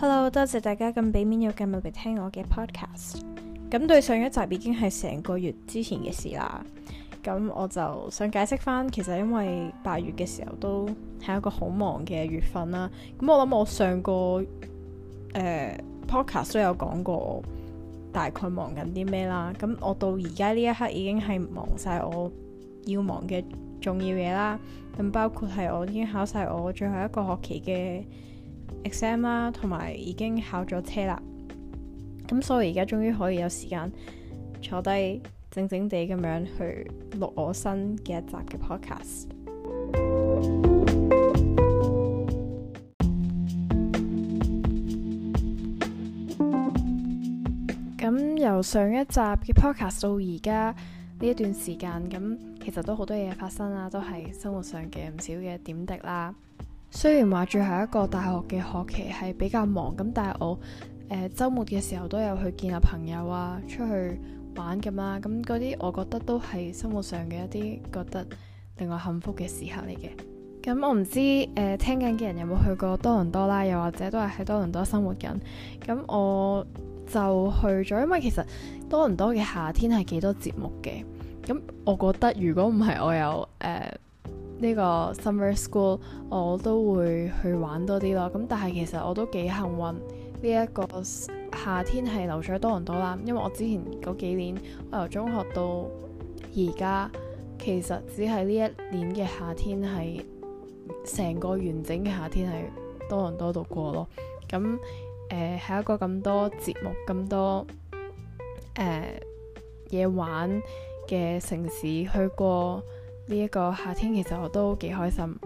Hello，多謝大家咁俾面有繼續嚟聽我嘅 podcast。咁對上一集已經係成個月之前嘅事啦。咁我就想解釋翻，其實因為八月嘅時候都係一個好忙嘅月份啦。咁我諗我上個誒、呃、podcast 都有講過，大概忙緊啲咩啦。咁我到而家呢一刻已經係忙晒我要忙嘅重要嘢啦。咁包括係我已經考晒我最後一個學期嘅 exam 啦，同埋已經考咗車啦，咁所以而家終於可以有時間坐低靜靜地咁樣去錄我新嘅一集嘅 podcast。咁 由上一集嘅 podcast 到而家呢一段時間，咁其實都好多嘢發生啦，都係生活上嘅唔少嘅點滴啦。雖然話最後一個大學嘅學期係比較忙，咁但係我誒周、呃、末嘅時候都有去見下朋友啊，出去玩咁啊，咁嗰啲我覺得都係生活上嘅一啲覺得令我幸福嘅時刻嚟嘅。咁我唔知誒、呃、聽緊嘅人有冇去過多倫多啦，又或者都係喺多倫多生活緊。咁我就去咗，因為其實多倫多嘅夏天係幾多節目嘅。咁我覺得如果唔係我有誒。呃呢個 summer school 我都會去玩多啲咯，咁但係其實我都幾幸運，呢、這、一個夏天係留咗喺多倫多啦。因為我之前嗰幾年，我由中學到而家，其實只係呢一年嘅夏天係成個完整嘅夏天係多倫多度過咯。咁誒係一個咁多節目、咁多誒嘢、呃、玩嘅城市去過。呢一個夏天其實我都幾開心，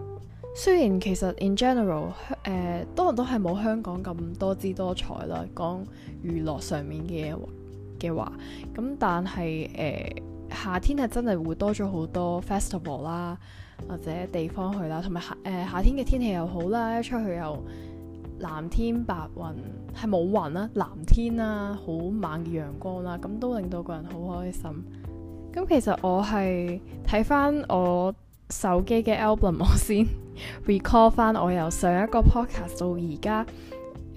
雖然其實 in general 香、呃、誒，多人都係冇香港咁多姿多彩啦。講娛樂上面嘅嘅話，咁但係誒、呃、夏天係真係會多咗好多 festival 啦，或者地方去啦，同埋夏誒、呃、夏天嘅天氣又好啦，一出去又藍天白雲係冇雲啦，藍天啦，好猛嘅陽光啦，咁都令到個人好開心。咁其實我係睇翻我手機嘅 album，我先 recall 翻我由上一個 podcast 到而家，誒、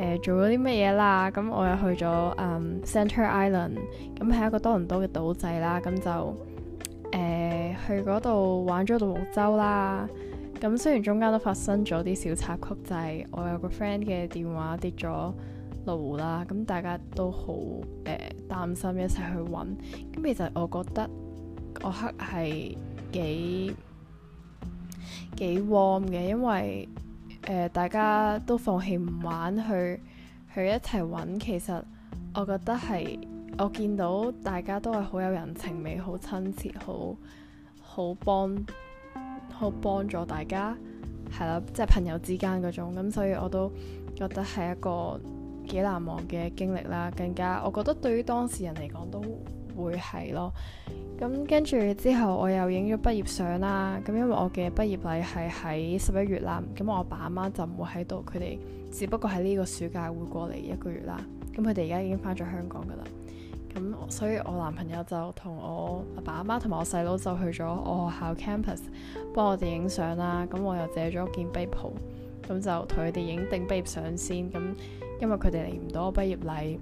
呃、做咗啲乜嘢啦？咁我又去咗、um, Center Island，咁係一個多倫多嘅島仔啦。咁就誒、呃、去嗰度玩咗獨木舟啦。咁雖然中間都發生咗啲小插曲，就係、是、我有個 friend 嘅電話跌咗落湖啦，咁大家都好誒、呃、擔心一，一齊去揾。咁其實我覺得。我黑係幾幾 warm 嘅，因為誒、呃、大家都放棄唔玩去去一齊搵，其實我覺得係我見到大家都係好有人情味、好親切、好好幫好幫助大家，係啦，即、就、係、是、朋友之間嗰種咁，所以我都覺得係一個幾難忘嘅經歷啦。更加我覺得對於當事人嚟講都。會係咯，咁跟住之後，我又影咗畢業相啦。咁、嗯、因為我嘅畢業禮係喺十一月啦，咁我阿爸阿媽就唔會喺度，佢哋只不過喺呢個暑假會過嚟一個月啦。咁佢哋而家已經返咗香港㗎喇。咁、嗯、所以我男朋友就同我阿爸阿媽同埋我細佬就去咗我學校 campus 幫我哋影相啦。咁、嗯、我又借咗件背袍，咁、嗯、就同佢哋影定畢業相先。咁、嗯、因為佢哋嚟唔到我畢業禮。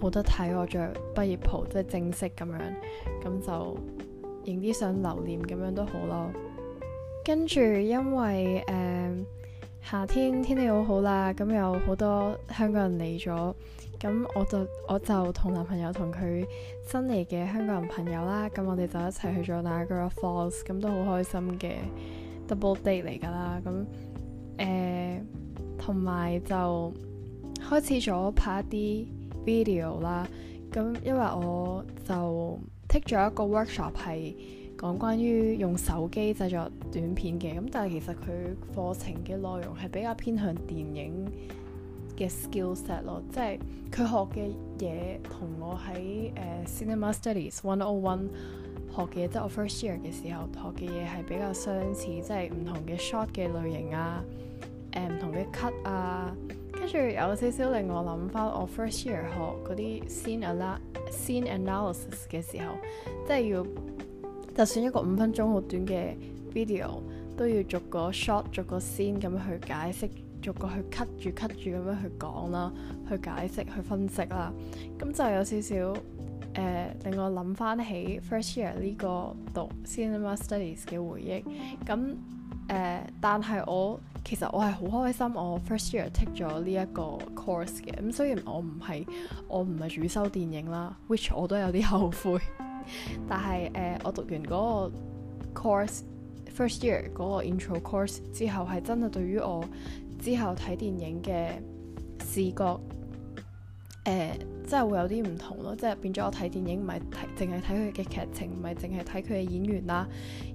冇得睇，我着畢業袍即係正式咁樣，咁就影啲相留念咁樣都好、呃、好啦。跟住因為誒夏天天氣好好啦，咁有好多香港人嚟咗，咁我就我就同男朋友同佢新嚟嘅香港人朋友啦，咁我哋就一齊去咗 Niagara Falls，咁都好開心嘅 double date 嚟㗎啦。咁誒同埋就開始咗拍一啲。video 啦，咁因為我就 take 咗一個 workshop 係講關於用手機製作短片嘅，咁但係其實佢課程嘅內容係比較偏向電影嘅 skillset 咯，即係佢學嘅嘢同我喺誒、uh, cinema studies one o one 學嘅嘢，即係我 first year 嘅時候學嘅嘢係比較相似，即係唔同嘅 shot 嘅類型啊，誒、嗯、唔同嘅 cut 啊。跟住有少少令我諗翻，我 first year 學嗰啲 scene a ana scene analysis 嘅時候，即係要就算一個五分鐘好短嘅 video，都要逐個 shot 逐個 scene 咁去解釋，逐個去 cut 住 cut 住咁樣去講啦，去解釋去分析啦，咁就有少少誒令我諗翻起 first year 呢個讀 cinema studies 嘅回憶，咁誒、呃、但係我。其實我係好開心，我 first year take 咗呢一個 course 嘅。咁雖然我唔係我唔係主修電影啦，which 我都有啲後悔。但係誒、呃，我讀完嗰個 course first year 嗰個 intro course 之後，係真係對於我之後睇電影嘅視覺誒、呃真係會有啲唔同咯，即係變咗我睇電影唔係睇，淨係睇佢嘅劇情，唔係淨係睇佢嘅演員啦，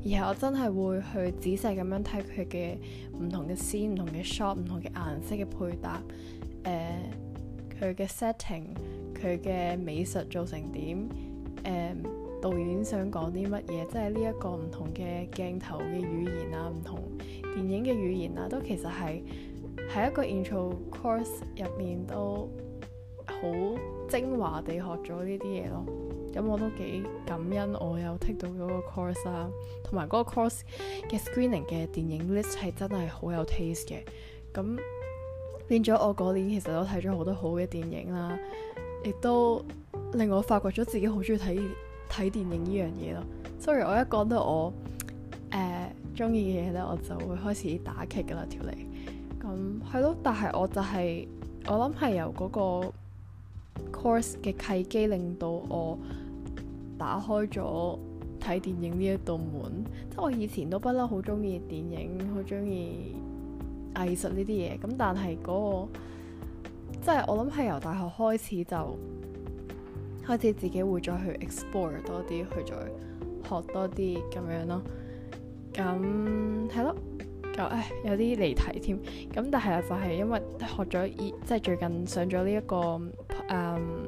而係我真係會去仔細咁樣睇佢嘅唔同嘅 scene、唔同嘅 shot、唔同嘅顏色嘅配搭，誒佢嘅 setting、佢嘅美術做成點，誒、呃、導演想講啲乜嘢，即係呢一個唔同嘅鏡頭嘅語言啊，唔同電影嘅語言啊，都其實係喺一個 intro course 入面都好精華地學咗呢啲嘢咯，咁我都幾感恩我有聽到嗰個 course 啦、啊，同埋嗰個 course 嘅 screening 嘅電影 list 係真係好有 taste 嘅，咁變咗我嗰年其實都睇咗好多好嘅電影啦，亦都令我發掘咗自己好中意睇睇電影呢樣嘢咯。r y 我一講到我誒中意嘅嘢咧，我就會開始打劇嘅啦條脷，咁係咯，但係我就係、是、我諗係由嗰、那個。course 嘅契機令到我打開咗睇電影呢一道門，即係我以前都不嬲，好中意電影，好中意藝術呢啲嘢。咁但係嗰個即係我諗係由大學開始就開始自己會再去 explore 多啲，去再學多啲咁樣咯。咁係咯，唉，有啲離題添。咁但係啊，就係因為學咗即係最近上咗呢一個。嗯、um,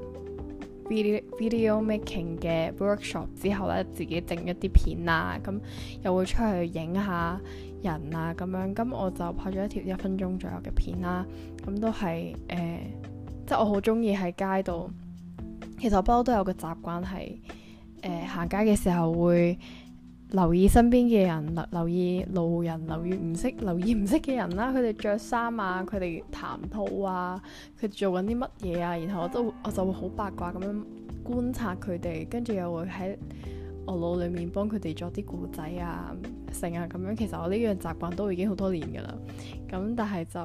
video，video making 嘅 workshop 之後咧，自己整一啲片啊，咁又會出去影下人啊咁樣，咁我就拍咗一條一分鐘左右嘅片啦、啊，咁都係誒、呃，即係我好中意喺街度，其實我不嬲都有個習慣係誒行街嘅時候會留意身邊嘅人，留留意路人，留意唔識留意唔識嘅人啦。佢哋着衫啊，佢哋談吐啊，佢做緊啲乜嘢啊。然後我都我就會好八卦咁樣觀察佢哋，跟住又會喺我腦裡面幫佢哋作啲故仔啊、成啊咁樣。其實我呢樣習慣都已經好多年㗎喇。咁但係就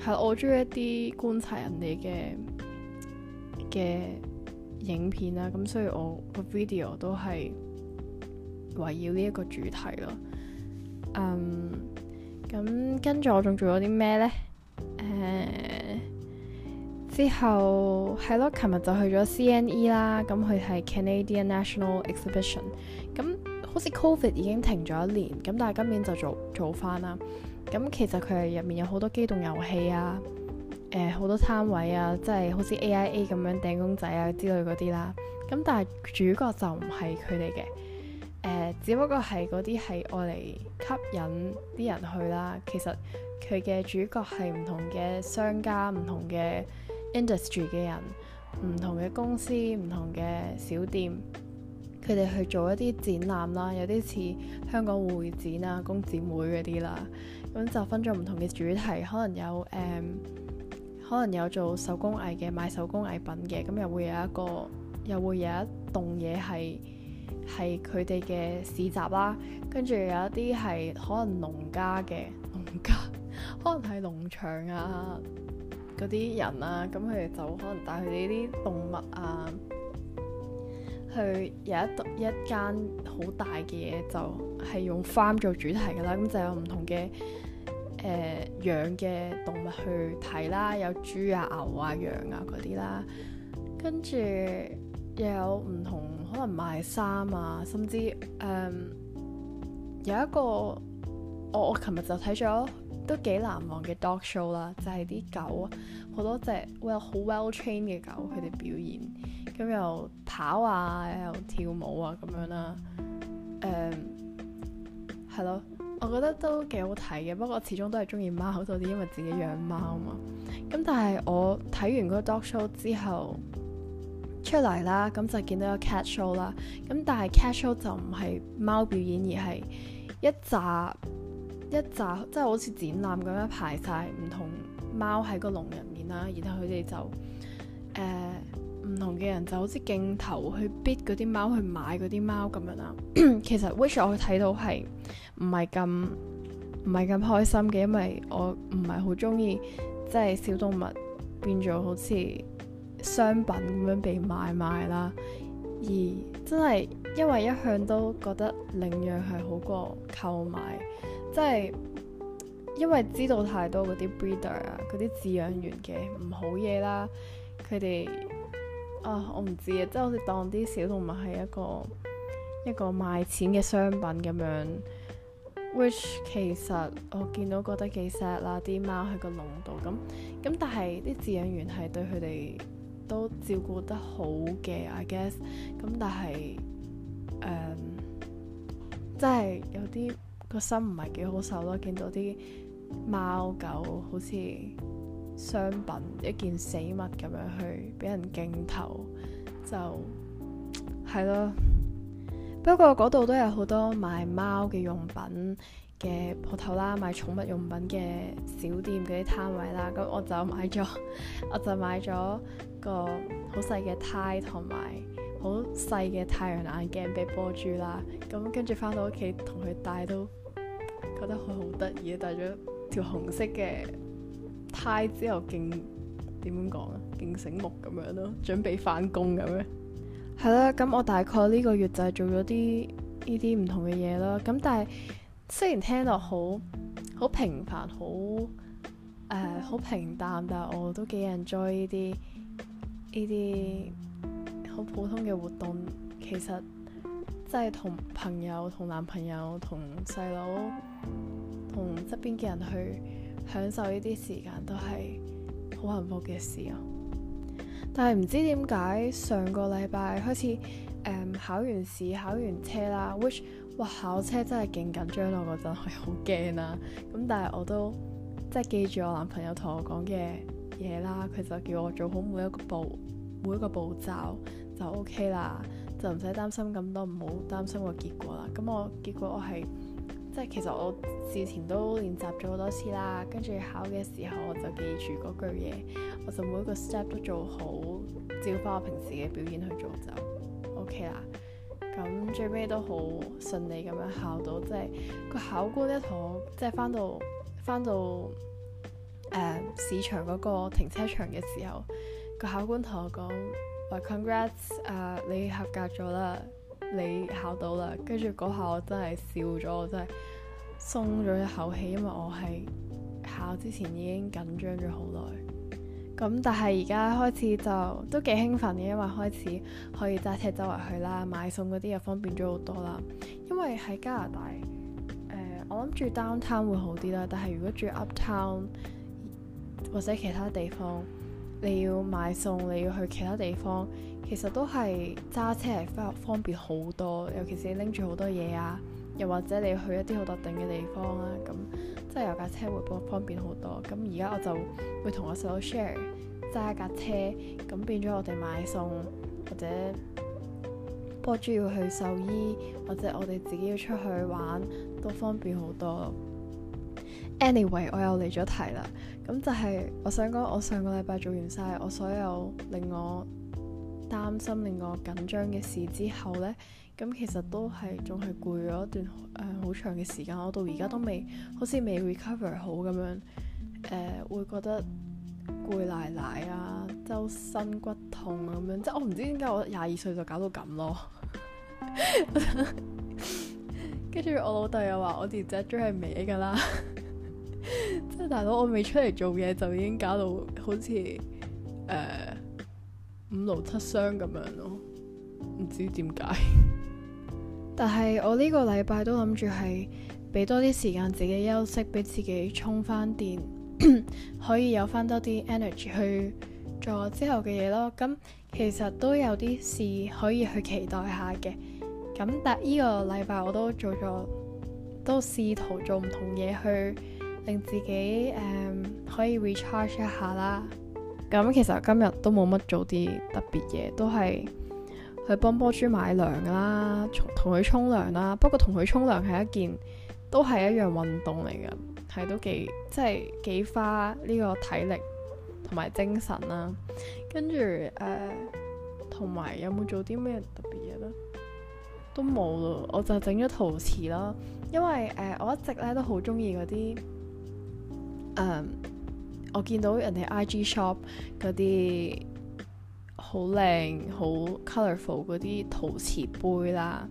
係我鍾意一啲觀察人哋嘅嘅影片啦。咁所以我個 video 都係。圍繞呢一個主題咯，嗯、um，咁跟住我仲做咗啲咩呢？Uh, 之後係咯，琴日就去咗 CNE 啦，咁佢係 Canadian National Exhibition，咁好似 COVID 已經停咗一年，咁但係今年就做做翻啦。咁其實佢哋入面有好多機動遊戲啊，誒、呃、好多攤位啊，即、就、係、是、好似 AIA 咁樣掟公仔啊之類嗰啲啦。咁但係主角就唔係佢哋嘅。誒，只不過係嗰啲係愛嚟吸引啲人去啦。其實佢嘅主角係唔同嘅商家、唔同嘅 industry 嘅人、唔同嘅公司、唔同嘅小店，佢哋去做一啲展覽啦，有啲似香港會展啊、工展會嗰啲啦。咁就分咗唔同嘅主題，可能有誒，um, 可能有做手工藝嘅賣手工藝品嘅，咁又會有一個，又會有一棟嘢係，係佢哋嘅市集啦，跟住有一啲係可能農家嘅、農家，可能係農場啊嗰啲人啊。咁佢哋就可能帶佢哋啲動物啊去有一一間好大嘅嘢，就係用 farm 做主題噶啦，咁就有唔同嘅誒養嘅動物去睇啦，有豬啊、牛啊、羊啊嗰啲啦，跟住又有唔同。可能賣衫啊，甚至誒、嗯，有一個、哦、我我琴日就睇咗都幾難忘嘅 dog show 啦，就係啲狗啊，好多隻 well 好 well trained 嘅狗，佢哋、哦 well、表演，咁、嗯、又跑啊，又跳舞啊咁樣啦、啊，誒、嗯，係咯，我覺得都幾好睇嘅，不過始終都係中意貓多啲，因為自己養貓啊嘛。咁、嗯、但係我睇完嗰個 dog show 之後。出嚟啦，咁就見到個 cat show 啦。咁但係 cat show 就唔係貓表演，而係一扎一紮，即係好似展覽咁樣排晒唔同貓喺個籠入面啦。然後佢哋就誒唔同嘅人就好似鏡頭去 bid 嗰啲貓，去買嗰啲貓咁樣啦。其實 which 我去睇到係唔係咁，唔係咁開心嘅，因為我唔係好中意即係小動物變咗好似。商品咁樣被買賣啦，而真係因為一向都覺得領養係好過購買，即係因為知道太多嗰啲 breeder 啊、嗰啲飼養員嘅唔好嘢啦，佢哋啊我唔知啊，即係好似當啲小動物係一個一個賣錢嘅商品咁樣，which 其實我見到覺得幾 sad 啦，啲貓喺個籠度咁，咁但係啲飼養員係對佢哋。都照顧得好嘅，I guess。咁但係，誒，真係有啲個心唔係幾好受咯。見到啲貓狗好似商品一件死物咁樣去俾人鏡頭，就係咯。 不過嗰度都有好多賣貓嘅用品嘅鋪頭啦，賣寵物用品嘅小店嗰啲攤位啦。咁我就買咗， 我就買咗。個好細嘅呔同埋好細嘅太陽眼鏡俾波珠啦，咁跟住翻到屋企同佢戴都覺得佢好得意，戴咗條紅色嘅呔之後，勁點講啊，勁醒目咁樣咯，準備翻工咁樣！係啦，咁我大概呢個月就係做咗啲呢啲唔同嘅嘢啦，咁但係雖然聽落好好平凡，好誒好平淡，但係我都幾 enjoy 呢啲。呢啲好普通嘅活動，其實即係同朋友、同男朋友、同細佬、同側邊嘅人去享受呢啲時間，都係好幸福嘅事啊！但係唔知點解上個禮拜開始，誒、嗯，考完試、考完車啦，which，哇，考車真係勁緊張咯，我嗰陣係好驚啦。咁但係我都即係記住我男朋友同我講嘅。嘢啦，佢就叫我做好每一個步每一個步驟就 OK 啦，就唔使擔心咁多，唔好擔心個結果啦。咁我結果我係即係其實我事前都練習咗好多次啦，跟住考嘅時候我就記住嗰句嘢，我就每一個 step 都做好，照翻我平時嘅表現去做就 OK 啦。咁最尾都好順利咁樣考到，即係個考官呢同我即係翻到翻到，市場嗰個停車場嘅時候，個考官同我講話：congrats，啊，congrats, uh, 你合格咗啦，你考到啦。跟住嗰下我真係笑咗，我真係鬆咗一口氣，因為我係考之前已經緊張咗好耐。咁但係而家開始就都幾興奮嘅，因為開始可以揸車周圍去啦，買餸嗰啲又方便咗好多啦。因為喺加拿大，呃，我諗住 downtown 會好啲啦，但係如果住 uptown。Town, 或者其他地方，你要買餸，你要去其他地方，其實都係揸車係非方便好多。尤其是拎住好多嘢啊，又或者你要去一啲好特定嘅地方啦，啊，咁即係有架車會幫方便好多。咁而家我就會同我細佬 share 揸架車，咁變咗我哋買餸或者不過主要去獸醫，或者我哋自己要出去玩都方便好多。anyway，我又嚟咗題啦，咁就係我想講，我上個禮拜做完晒我所有令我擔心、令我緊張嘅事之後呢，咁其實都係仲係攰咗一段誒好、呃、長嘅時間，我到而家都未好似未 recover 好咁樣，誒、呃、會覺得攰奶奶啊、周身骨痛啊咁樣，即係我唔知點解我廿二歲就搞到咁咯，跟 住我老豆又話我條脊椎係歪噶啦。即係 大佬，我未出嚟做嘢就已經搞到好似誒、呃、五勞七傷咁樣咯，唔知 點解。但係我呢個禮拜都諗住係俾多啲時間自己休息，俾自己充翻電， 可以有翻多啲 energy 去做之後嘅嘢咯。咁其實都有啲事可以去期待下嘅。咁但呢個禮拜我都做咗，都試圖做唔同嘢去，令自己誒、um, 可以 recharge 一下、嗯、一啦。咁其實今日都冇乜做啲特別嘢，都係去幫波豬買糧啦，同佢沖涼啦。不過同佢沖涼係一件都係一樣運動嚟嘅，係都幾即係幾花呢個體力同埋精神啦、啊。跟住誒同埋有冇做啲咩特別嘢咧？都冇咯，我就整咗陶瓷啦。因為誒、呃、我一直咧都好中意嗰啲。Um, 我見到人哋 IG shop 嗰啲好靚、好 colourful 嗰啲陶瓷杯啦，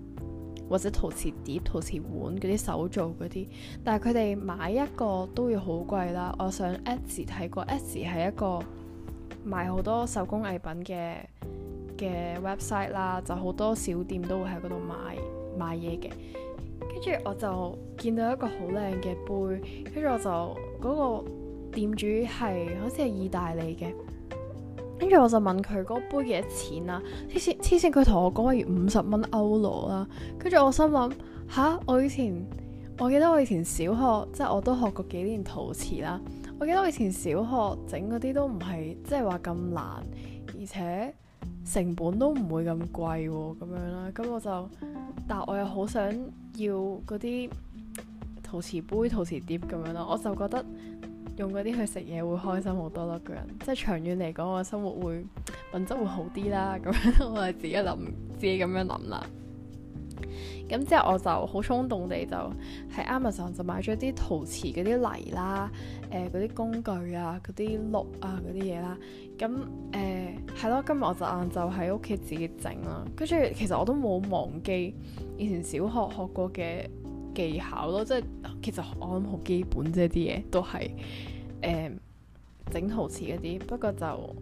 或者陶瓷碟、陶瓷碗嗰啲手做嗰啲，但係佢哋買一個都要好貴啦。我上 Etsy 睇過，Etsy 係一個賣好多手工藝品嘅嘅 website 啦，就好多小店都會喺嗰度買買嘢嘅。跟住我就見到一個好靚嘅杯，跟住我就嗰個店主係好似係意大利嘅，跟住我就問佢嗰杯幾多錢啊？黐線黐線，佢同我講話要五十蚊歐羅啦。跟住我心諗吓？我以前我記得我以前小學即係我都學過幾年陶瓷啦。我記得我以前小學整嗰啲都唔係即係話咁難，而且成本都唔會咁貴喎，咁樣啦。咁我就，但係我又好想。要嗰啲陶瓷杯、陶瓷碟咁樣咯，我就覺得用嗰啲去食嘢會開心好多咯，個人即係長遠嚟講我生活會品質會好啲啦，咁樣我係自己諗，自己咁樣諗啦。咁之後我就好衝動地就喺 Amazon 就買咗啲陶瓷嗰啲泥啦，誒嗰啲工具啊，嗰啲碌啊，嗰啲嘢啦。咁誒係咯，今日我就晏晝喺屋企自己整啦。跟住其實我都冇忘記以前小學學過嘅技巧咯，即係其實我諗好基本啫啲嘢，都係誒整陶瓷嗰啲。不過就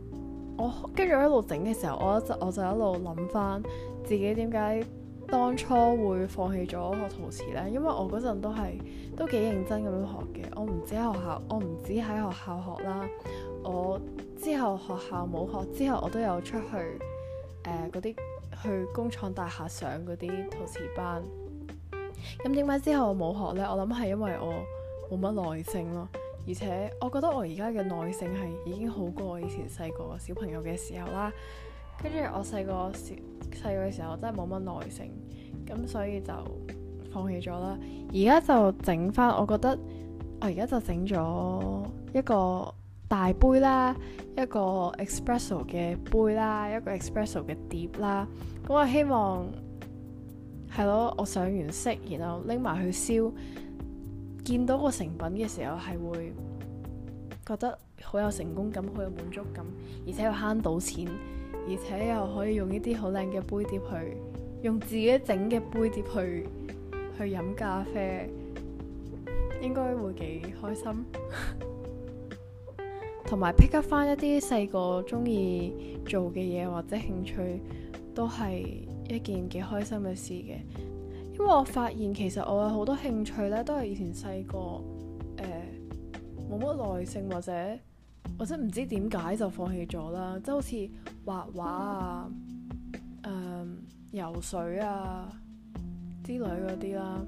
我跟住一路整嘅時候，我就我就一路諗翻自己點解，當初會放棄咗學陶瓷咧，因為我嗰陣都係，都幾認真咁樣學嘅。我唔止學校，我唔止喺學校學啦。我之後學校冇學，之後我都有出去誒嗰啲去工廠大廈上嗰啲陶瓷班。咁點解之後我冇學呢？我諗係因為我冇乜耐性咯，而且我覺得我而家嘅耐性係已經好過我以前細個小朋友嘅時候啦。跟住我細個時，細個嘅時候，真係冇乜耐性，咁所以就放棄咗啦。而家就整返，我覺得我而家就整咗一個大杯啦，一個 espresso 嘅杯啦，一個 espresso 嘅碟啦。咁我希望係咯，我上完色，然後拎埋去燒，見到個成品嘅時候係會覺得好有成功感，好有滿足感，而且又慳到錢。而且又可以用一啲好靚嘅杯碟去，用自己整嘅杯碟去去飲咖啡，應該會幾開心。同 埋 pick up 返一啲細個中意做嘅嘢或者興趣，都係一件幾開心嘅事嘅。因為我發現其實我有好多興趣咧，都係以前細個誒冇乜耐性或者。我真唔知點解就放棄咗啦，即係好似畫畫啊、呃、游水啊之類嗰啲啦，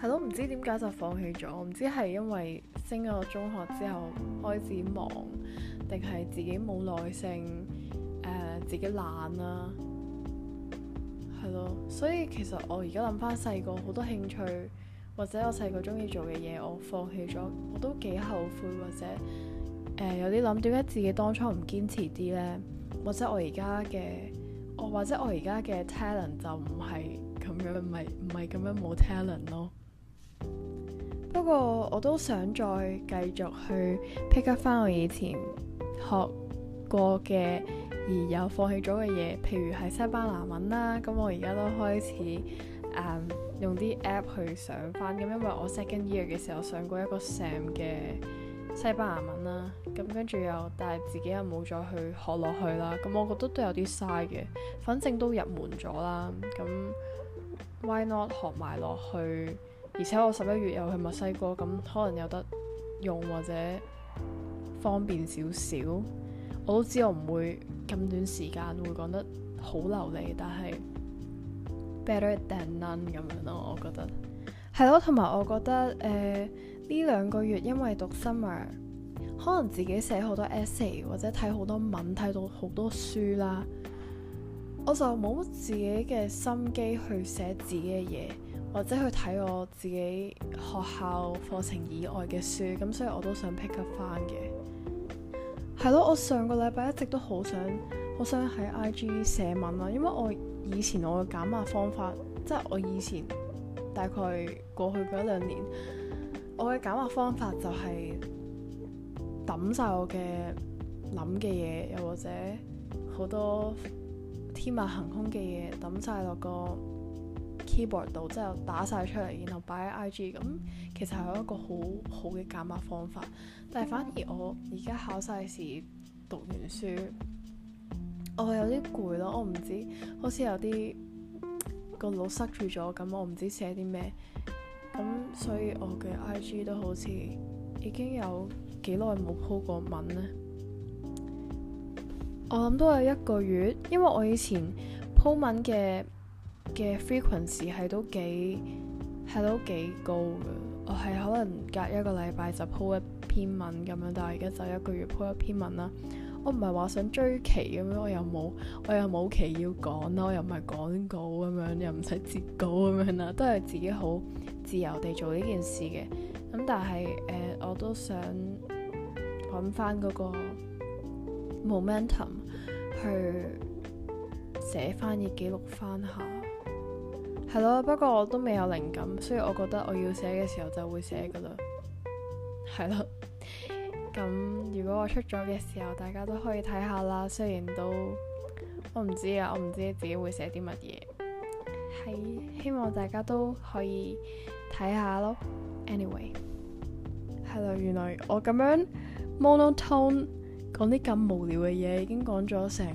係咯，唔知點解就放棄咗。唔知係因為升咗中學之後開始忙，定係自己冇耐性？誒、呃，自己懶啦、啊。係咯。所以其實我而家諗返細個好多興趣。或者我細個中意做嘅嘢，我放棄咗，我都幾後悔。或者、呃、有啲諗，點解自己當初唔堅持啲呢？或者我而家嘅，我、哦、或者我而家嘅 talent 就唔係咁樣，唔係唔係咁樣冇 talent 咯。 不過我都想再繼續去 pick up 翻我以前學過嘅，而又放棄咗嘅嘢，譬如係西班牙文啦。咁我而家都開始誒。Um, 用啲 app 去上翻，咁因為我 second year 嘅時候上過一個 Sam 嘅西班牙文啦，咁跟住又，但係自己又冇再去學落去啦，咁我覺得都有啲嘥嘅，反正都入門咗啦，咁 why not 學埋落去？而且我十一月又去墨西哥，咁可能有得用或者方便少少。我都知我唔會咁短時間會講得好流利，但係。Better than none 咁樣咯，我覺得係咯，同埋我覺得誒呢兩個月因為讀 summer，可能自己寫好多 essay 或者睇好多文，睇到好多書啦，我就冇乜自己嘅心機去寫自己嘅嘢，或者去睇我自己學校課程以外嘅書，咁所以我都想 pick up 返嘅。係咯，我上個禮拜一直都好想好想喺 IG 寫文啦，因為我。以前我嘅減壓方法，即係我以前大概過去嗰兩年，我嘅減壓方法就係抌晒我嘅諗嘅嘢，又或者好多天馬行空嘅嘢抌晒落個 keyboard 度，即係打晒出嚟，然後擺喺 IG 咁，其實係一個好好嘅減壓方法。但係反而我而家考晒試，讀完書。我、哦、有啲攰咯，我唔知好似有啲個腦塞住咗咁，我唔知寫啲咩，咁、嗯、所以我嘅 IG 都好似已經有幾耐冇 po 過文呢？我諗都係一個月，因為我以前 po 文嘅嘅 frequency 係都幾係都幾高嘅，我係可能隔一個禮拜就 po 一篇文咁樣，但係而家就一個月 po 一篇文啦。我唔係話想追期咁樣，我又冇，我又冇期要講啦，我又唔係講稿咁樣，又唔使截稿咁樣啦，都係自己好自由地做呢件事嘅。咁、嗯、但係誒、呃，我都想揾翻嗰個 momentum 去寫翻啲記錄翻下。係咯，不過我都未有靈感，所以我覺得我要寫嘅時候就會寫噶啦。係啦。咁如果我出咗嘅時候，大家都可以睇下啦。雖然都我唔知啊，我唔知自己會寫啲乜嘢。係希望大家都可以睇下咯。Anyway，係啦，原來我咁樣 monotone 講啲咁無聊嘅嘢，已經講咗成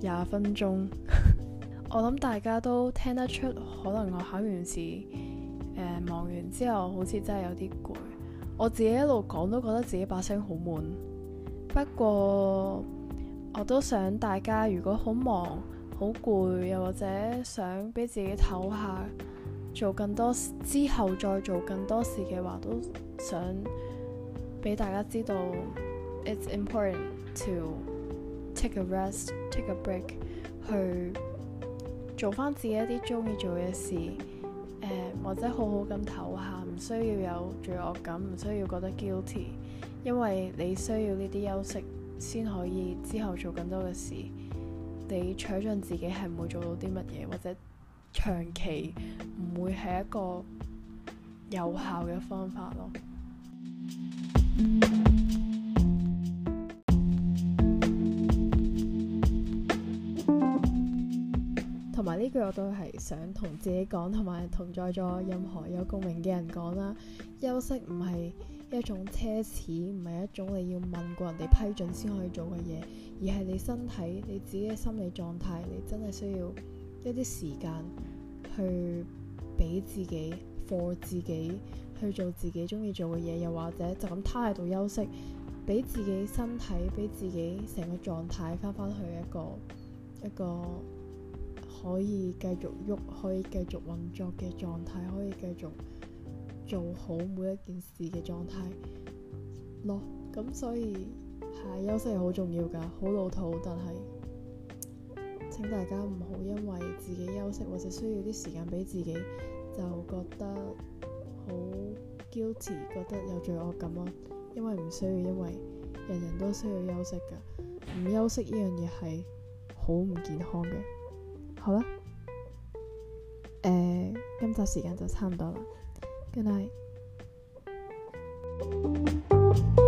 廿分鐘。 我諗大家都聽得出，可能我考完試誒忙完之後，好似真係有啲攰。我自己一路講都覺得自己把聲好悶，不過我都想大家如果好忙、好攰，又或者想俾自己唞下，做更多之後再做更多事嘅話，都想俾大家知道，It's important to take a rest, take a break，去做翻自己一啲中意做嘅事。誒，或者好好咁唞下，唔需要有罪惡感，唔需要覺得 guilty，因為你需要呢啲休息先可以之後做更多嘅事。你取盡自己係唔會做到啲乜嘢，或者長期唔會係一個有效嘅方法咯。呢句我都係想同自己講，同埋同在座任何有共鳴嘅人講啦。休息唔係一種奢侈，唔係一種你要問過人哋批准先可以做嘅嘢，而係你身體、你自己嘅心理狀態，你真係需要一啲時間去俾自己、for 自己去做自己中意做嘅嘢，又或者就咁攤喺度休息，俾自己身體、俾自己成個狀態翻返去一個一個，可以繼續喐，可以繼續運作嘅狀態，可以繼續做好每一件事嘅狀態咯。咁所以係、哎、休息好重要㗎，好老土，但係請大家唔好因為自己休息或者需要啲時間俾自己，就覺得好 guilty，覺得有罪惡感咯。因為唔需要，因為人人都需要休息㗎。唔休息呢樣嘢係好唔健康嘅。好啦，誒、呃，今集時間就差唔多啦，Good night。